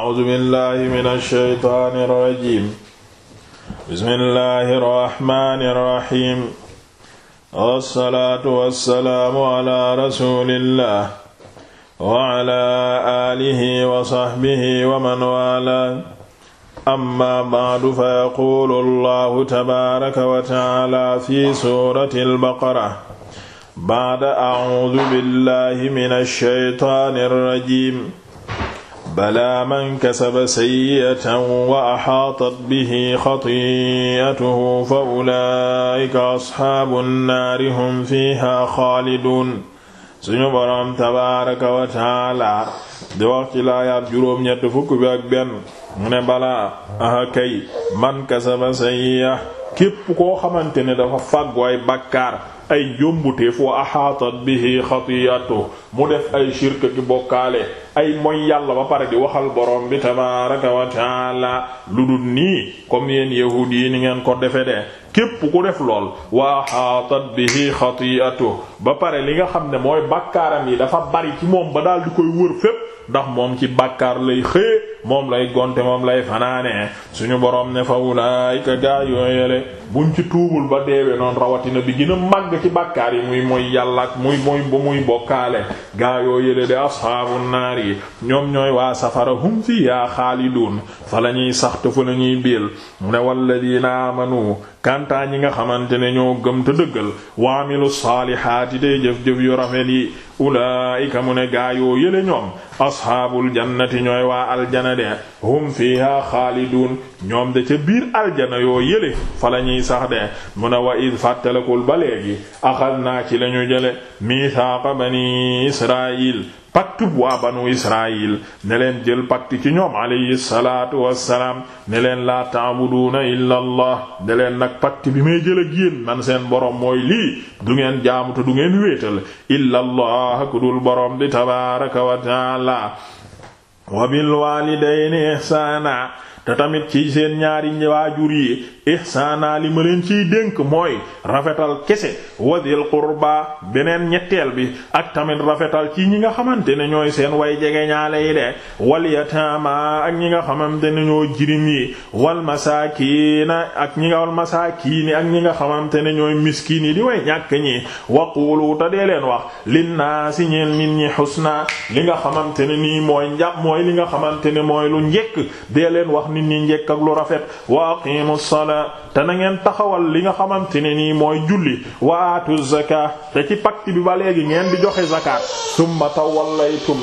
a'uuzu billaahi mina shaytaani rajiim bismillaahi rahmaani rahiim wassalaatu wassalaamu alaa rasuulillaah wa alaa aalihi wa sahbihi wa man waalaa amma ba'du fa yaquulu allaahu tabaaraka wa ta'aalaa fi suuratil baqara ba'da a'uuzu billaahi mina shaytaani rajiim balaa man kasaba sayyi'atan wa ahaatat bihi xati'atuhu fa ulaa'ika asxaabu nnaari hum fiihaa xaaliduun suñu boroom tabaaraka wa taala di wax ci laayaat juróom-ñett fukk bi ak benn mu ne balaa aha kay man kasaba sayyi'atan képp koo xamante ne dafa fàggu ay bakkaar ay njombuteef wa ahaatat bihi xatiatu mu def ay shirk ki bokkaale ay mooy yàlla ba pare di waxal borom bi tabaraka wa taala lu dul nii comme yeen yahuud yi ni ngeen ko defe de képp ku def lool wa ahaatat bihi xatiatu ba pare li nga xam ne mooy bakkaaram yi dafa bari ci moom ba daal di koy wër fépp ndax moom ci bakkaar lay xëe moom lay gonte moom lay fanaane suñu boroom ne fa ulaayika gaa yooyele buñ ci tuubul ba deewee noonu rawatina bi gën màgg ci bàkkaar yi muy mooy yàlla ak muy mooy bu muy bokkaale gaa yooyele de ashaabun naar yi ñoom ñooy waa safara hum fiyaa xaaliduun fa la ñuy saxtu fu la ñuy biil ne walladiina amanu kantaa yi nga xamante ne ñoo gëm te dëggal waamilu saalihaati day jëf-jëf yu rafet yi ulaayika mu ne gaayoo yële ñoom asxaabul jannati ñooy waa aljana de hum fiiha xaalidun ñoom de ca biir aljana yoo yële fa la ñuy sax de mu ne wa id fàttalakul ba léegi axad naa ci la ñu jële mithaaqa bani israil pactub waa banu israil ne leen jël pacte ci ñoom alayhi salaatu wassalaam ne leen laa taabuduuna illa allah ne leen nag pacte bi may jël ak yéen man seen borom mooy lii du ngeen jaamu te du ngeen wéetal illa allah ku dul borom bi tabaaraka wa taala wa bil waalidayni ihsaana te tamit ci seen ñaari waajur yi ihsaana li ma leen ciy dénk mooy rafetal kese wadil qurba beneen ñetteel bi ak tamit rafetal ci ñi nga xamante ne ñooy seen way jege ñaale yi de wal ak ñi nga xamante ne ñoo jirim yi wal masaakiina ak ñi nga wal masaakiini ak ñi nga xamante ne ñooy miskiin yi di way ñàkk ñi waquulu ta dee leen wax linnaasi ñeel nit ñi xusna li nga xamante ne nii mooy njàpp mooy li nga xamante ne mooy lu njekk dee leen wax nit ñi njekk ak lu rafet wa aqiimu salaat te na ngeen taxawal li nga xamante ne nii mooy julli wa aatu zakaa te ci pacte bi ba léegi ngeen di joxe zakat summa tawallaytum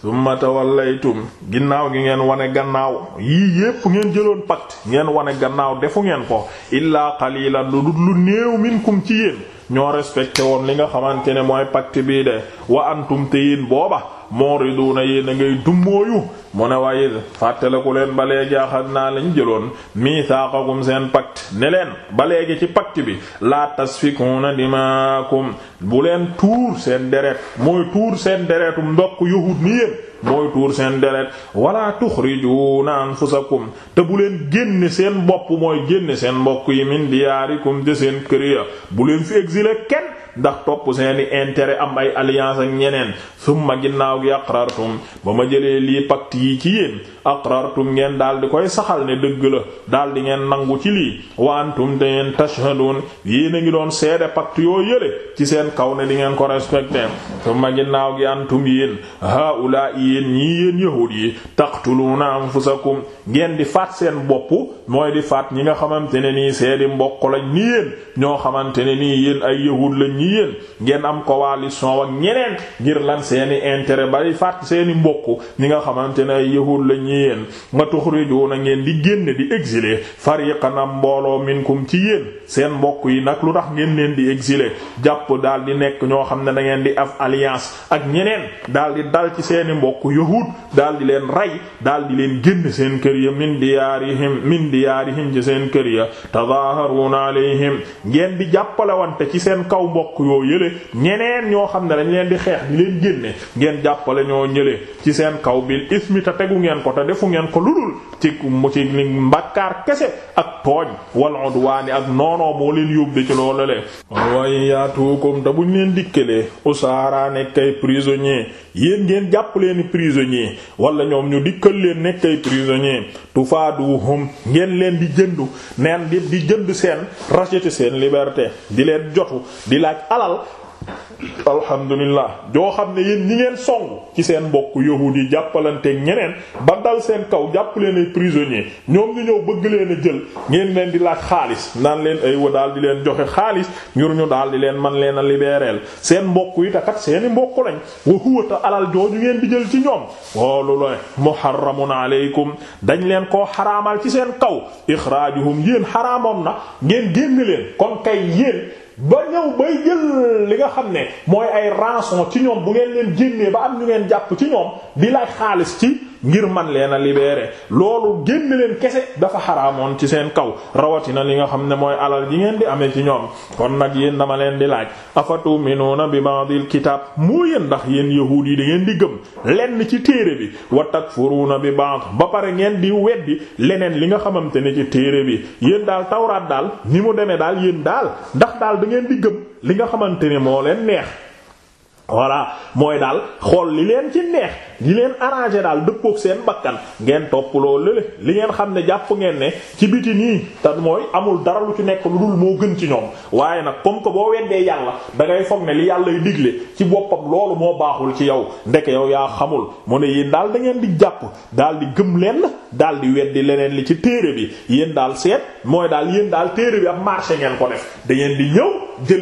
summa tawallaytum ginnaaw gi ngeen wane gannaaw yii yépp ngeen jëloon pacte ngeen wane gannaaw defu ngeen ko illaa qalilan lu dut lu néew minkum ci yéen ñoo respecté woon li nga xamante ne mooy pacte bii de wa antum te yéen booba muriduuna yéen a ngay dummóoyu mu ne la fàttaliku leen ba léegi axad naa lañ jëloon mii miisaaqakum seen pacte ne leen ba léegi ci pacte bi laa tasfikuuna dimaakum bu leen tuur seen deret mooy tuur seen deretu ndokk yahud ni yéen mooy tuur seen deret wala tuxrijuuna anfusakum te bu leen génne seen bopp mooy génne seen mbokk yi min diyaarikum te seen kër ya bu leen fi exiler kenn ndax topp seeni intérêt am ay alliance ak ñeneen summa ginnaaw gi aqrartum ba ma jëlee lii pacte yi ci yéen aqrartum ngeen daal di koy saxal ne dëgg la daal di ngeen nangu ci lii wa antum te ngeen tashhadun yéen a ngi doon seede pacte yoo yële ci seen kaw ne di ngeen ko respecté summa ginnaaw gi antum yéen haula yéen ñii yéen yahuud yi taqtuluna anfusakum ngeen di faat seen bopp mooy di faat ñi nga xamante ne nii seedi mbokk lañ ni yéen ñoo xamante ne nii yéen ni yéen ngeen am coalition ak ñeneen ngir lan seeni intérêt bari fàtt seeni mbokk ñi nga xamante ne ay yahud la ñi yéen nga na ngeen di génn di exiler fariqan am mbooloo minkum ci yéen seen mbokk yi nag lu tax ngeen leen di exiler jàpp daal di nekk ñoo xam ne da ngeen di af alliance ak ñeneen daal di dal ci seeni mbokk yahud daal di leen rey daal di leen génn seen kër ya min diyaarihim min diyaarihim ci seen kër ya tadaaharuuna alayhim ngeen di jàppalewante ci kaw mbokk mbokk yoo yële ñeneen ñoo xam ne dañ leen di xeex di leen génne ngeen jàppale ñoo ñële ci seen kaw bil ismi te tegu ngeen ko te defu ngeen ko ludul ci mu ci mbàkkaar kese ak tooñ wal udwaani ak noonoo moo leen yóbbe ci loolu le waaye yaatukum te buñ leen dikkalee usaara nekk ay prisonnier yéen ngeen jàpp leen prisonnier wala ñoom ñu dikkal leen nekk ay du tufaaduhum ngeen leen di jëndu neen di di jënd seen racheter seen liberté di leen jotu di laaj alal alhamdulillah joo xam ne yéen ñi ngeen song ci seen mbokk yahuud yi jàppalante ñeneen ba dal seen kaw jàpp leen ay prisonnier ñoom ñu ñëw bëgg leen a jël ngeen leen di laaj xaalis naan leen ay wa daal di leen joxe xaalis ngir ñu daal di leen man leen a libérer seen mbokk yi takat seeni mbokk lañ wa huwa ta alal jooju ngeen di jël ci ñoom woolu la muharramun aleykum dañ leen koo xaraamal ci seen kaw ixraajuhum yéen xaraamoon na ngeen génn leen kon ba ñëw bay jël li nga xam ne mooy ay rançon ci ñoom bu ngeen leen génnee ba am ñu ngeen jàpp ci ñoom di laaj xaalis ci ngir man leen a libéré loolu génn leen kese dafa xaraamoon ci seen kaw rawatina li nga xam ne mooy alal ji ngeen di amee ci ñoom kon nag yéen dama leen di laaj afatuminuuna bi ba'dil kitaab moo yéen ndax yéen yahuud yi da ngeen di gëm lenn ci téere bi wa takfuruuna bi ba'd ba pare ngeen di weddi leneen li nga xamante ne ci téere bi yéen daal tawraat daal ni mu demee daal yéen daal ndax daal da ngeen di gëm li nga xamante ne moo leen neex voilà mooy daal xool li leen ci neex li leen arrangé daal dëppook seen bakkan ngeen topp loolu lële li ngeen xam ne jàpp ngeen ne ci biti nii te mooy amul dara lu ci nekk lu dul moo gën ci ñoom waaye nag comme que boo weddee yàlla da ngay foog ne li yàllay digle ci boppam loolu moo baaxul ci yow ndeke yow yaa xamul mu ne yéen daal da ngeen di jàpp daal di gëm leen daal di weddi leneen li ci téere bi yéen daal seet mooy daal yéen daal téere bi ab marché ngeen ko def da ngeen di ñëw jël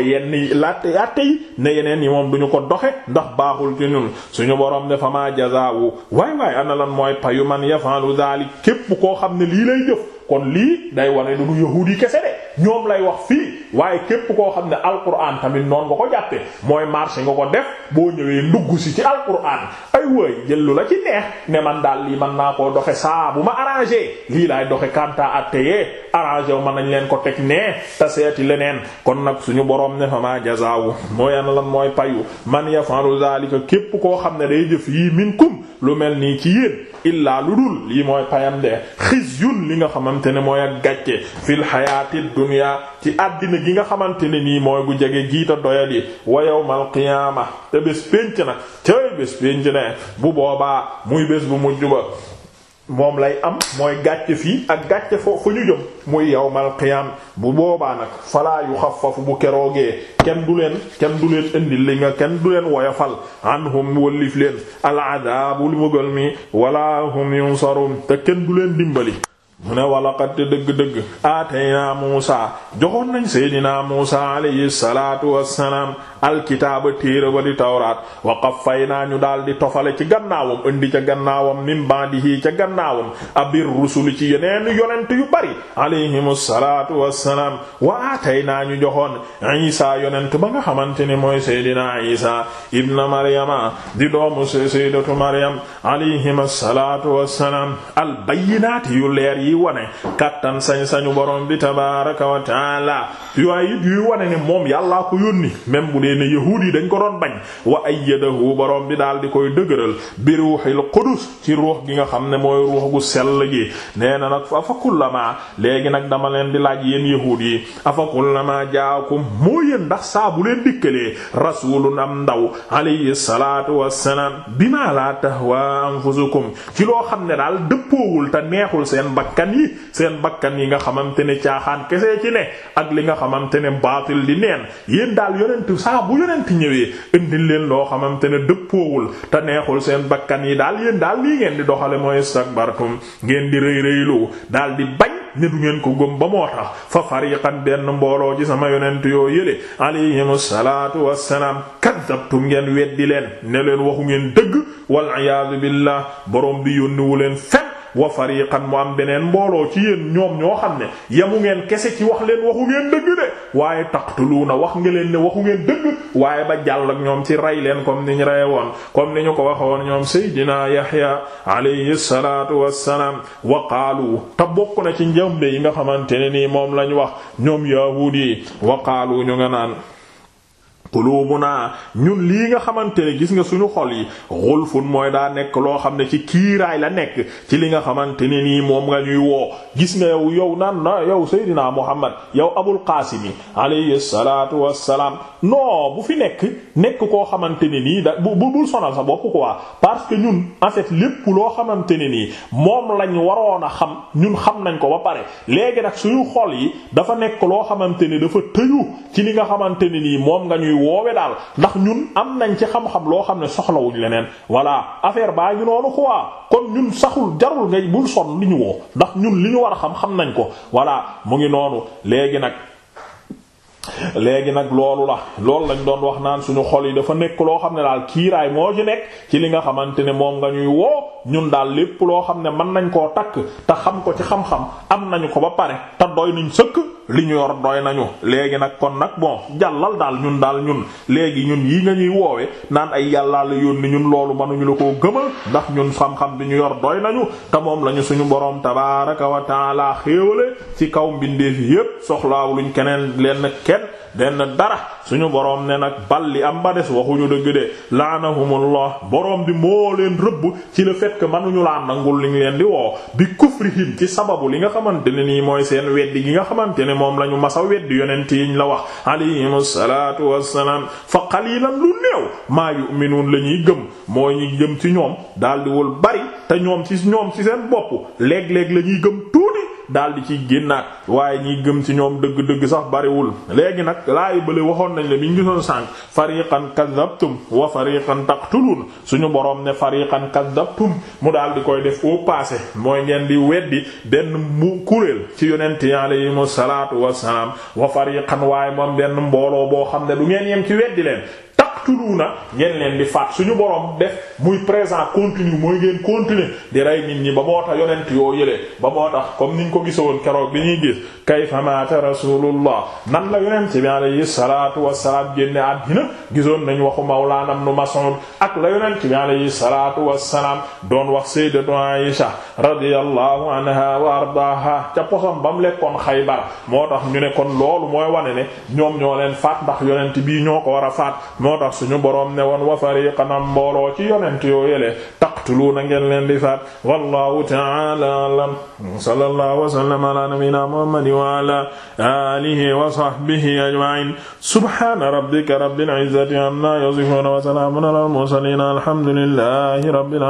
doxe yenn yi latte atte yi ne yeneen yi moom duñu ko doxe ndax baaxul ci ñun suñu borom ne fama jazaawu waay waay ana lan mooy payu man yafalu zaalik képp koo xam ne lii lay jëf kon lii day wane du yahuud yi kese de ñoom lay wax fii waaye képp koo xam ne alquran tamit noonu nga ko jàppe mooy marché nga ko def boo ñëwee ndugg si ci alquran ay wooy jël lu la ci neex ne man daal lii man naa koo doxe saa bu ma arrangé lii laay doxe kanta atteyee arrangé wu man nañ leen ko teg nee te seeti leneen kon nag suñu borom ne fa maa jazaawu mooy an lan mooy payu man yafalu zalika képp koo xam ne day jëf yii minkum lu mel nii ci yéen illaa lu dul lii mooy payam de xisyun li nga xamante ne mooy ak gàcce fil xayaati dunya ci àddina gi nga xamante ne nii mooy bu jege jiita doyal yi wa qiyaama bés pénc ne bu boobaa muy bés bu mujj ba moom lay am mooy gàcce fii ak gàcce foo fu ñu jëm muy yawmal qiyam bu boobaa nag falaa yu xaffafu bu keroogee kenn du leen kenn du leen indi li nga kenn du leen woyofal anhum wallif leen aladabu li mugal mi wala hum yunsarun te kenn du leen dimbali mu ne walaqad dëgg-dëgg aatayna Muusa joxoon nañ seydinaa Muusa alayhi salaatu wassalaam alkitaaba téere ba di tawraat wa qaffayna ñu daal di tofale ci gannaawam indi ca gannaawam min ba'dihi ca gannaawam abir rusuli ci yeneen yonent yu bari alayhimu salaatu wassalaam wa aataynaa ñu joxoon isa yonent ba nga xamante ne mooy seydina isa ibna maryama di doomu sayyidatu maryam alayhima salaatu wassalaam al bayyinaati yu leer yi wane kattan sañ-sañu borom bi tabaaraka wa yu ay yi wane ne moom yàllaa ko yónni même bu dee ne yahuud yi dañ ko doon bañ wa ayyadahu borom bi daal di koy dëgëral bi ruuxil qudus ci ruux gi nga xam ne mooy ruux gu sell gi nee na nag afa kullama léegi nag dama leen di laaj yéen yahuud yi afa kullama jaakum moo yéen ndax saabu bu leen dikkalee rasulun am ndaw alayhi salaatu wassalaam bima la tahwa anfusukum ci loo xam ne daal dëppoowul te neexul seen bakkan yi seen bakkan yi nga xamante ne caaxaan kese ci ne ak li nga xamante ne baatil di saa bu yonent ñëwee indil leen loo xamante ne dëppoowul te neexul seen bakkan yi daal yéen daal lii ngeen di doxale mooy istakbartum ngeen di rëy rëyloo daal di bañ ne du ngeen ko gëm ba moo tax fa fariqan benn mbooloo ci sama yonent yoo yële alayhimu salaatu wassalaam kaddabtum ngeen weddi leen ne leen waxu ngeen dëgg wal iyaadu billah borom bi yónniwu leen fen wa fariqan mu am beneen mbooloo ci yéen ñoom ñoo xam ne yamu ngeen kese ci wax leen waxu ngeen dëgg de waaye taqtuluuna wax nga leen ne waxu ngeen dëgg waaye ba jàll ñoom ci rey leen comme ni ñu reye woon comme ni ñu ko waxoon ñoom Seydina Yahya alayhi salaatu wassalaam wa qaalu ta bokk na ci njëmbe yi nga xamante ne nii moom lañ wax ñoom yahuud yi wa qaalu ñu nga naan qulubuna ñun lii nga xamante ne gis nga suñu xol yi xulfun mooy daa nekk loo xam ne ci kiiraay la nekk ci li nga xamante ne nii moom nga ñuy woo gis nga yow yow naan na yow Seydina Muhammad yow Abul Qaasim yi alayhi salaatu wassalaam non bu fi nekk nekk koo xamante ne nii da bu bul sonal sa bopp quoi parce que ñun en lépp loo xamante ne nii moom lañ waroon a xam ñun xam nañ ko ba pare léegi nag suñu xol yi dafa nekk loo xamante ne dafa tëju ci li nga xamante ne nii moom nga ñuy woowe daal ndax ñun am nañ ci xam-xam loo xam ne soxlawuñ leneen voilà affaire baa ngi noonu quoi kon ñun saxul jarul ngay bul son li ñu woo ndax ñun li ñu war a xam xam nañ ko voilà mu ngi noonu léegi nag léegi nag loolu la loolu lañ doon wax naan suñu xol yi dafa nekk loo xam ne daal kiiraay moo ci nekk ci li nga xamante ne moom nga ñuy woo ñun daal lépp loo xam ne mën nañ koo takk te xam ko ci xam-xam am nañu ko ba pare te doy nañ sëkk li ñu yor doy nañu léegi nag kon nag bon jàllal daal ñun daal ñun léegi ñun yi nga ñuy woowee naan ay yàllaa la yónni ñun loolu mënuñu la ko gëmal ndax ñun xam-xam bi ñu yor doy nañu te moom lañu suñu borom tabaaraka wa taala xéewale ci kaw mbindeef yépp soxlaaw luñ keneen leen kenn denn dara suñu boroom ne nag bal li am ba des waxuñu dëgg de laanahumullah boroom bi moo leen rëbb ci le fait que mënuñu laa nangul liñ leen di woo bi kufrihim ci sababu li nga xamante ne nii mooy seen weddi gi nga xamante ne moom la ñu masa weddi yonent yiñ la wax alayhim salaatu wassalaam fa qalilan lu néew maa yu'minuun la ñuy gëm mooy ñi jëm ci ñoom daldi wul bari te ñoom ci ñoom ci seen bopp léeg-léeg la gëm tuuti daal di ciy génnaat waaye ñiy gëm ci ñoom dëgg-dëgg sax bariwul léegi nag laayu bële waxoon nañu la bi ñu gisoon sànq fariqan kadhabtum wa fariqan taqtulun suñu borom ne fariqan kadhabtum mu daal di koy def au passé mooy ngeen di weddi benn mu kuréel ci yonent yi alayhimu salaatu wassalaam wa fariqan waaye moom benn mbooloo boo xam ne du ngeen yem ci weddi leen taqtuluuna ngeen leen di faat suñu borom def muy présent continu mooy ngeen continuer di rey nit ñi ba moo tax yonent yoo yële ba moo tax comme niñ ko gisoon keroog bi ñuy gis kayfa maata rasulullah nan la yonent bi alayhi salaatu wassalaam génne àddina gisoon nañ waxu mawlaana ibn Mas'ud ak la yonent bi alayhi salaatu wassalaam doon wax sayyidatu Aisha radiyallahu anha wa ardaaha ca posom bam lekkoon Xaybar moo tax ñu ne kon loolu mooy wane ne ñoom ñoo leen faat ndax yonent bi ñoo ko a tax suñu boroom ne woon wa fariqan am mbooloo ci yonent yoo yele taqtuluuna ngeen leen di faat wallahu ta'ala a'lam sallallahu wa sallama ala nabiyyina muhammadin wa ala alihi wa sahbihi ajma'in subhana rabbika rabbil izzati amma yasifun wa salamun ala al mursalin alhamdulillahi rabbil alamin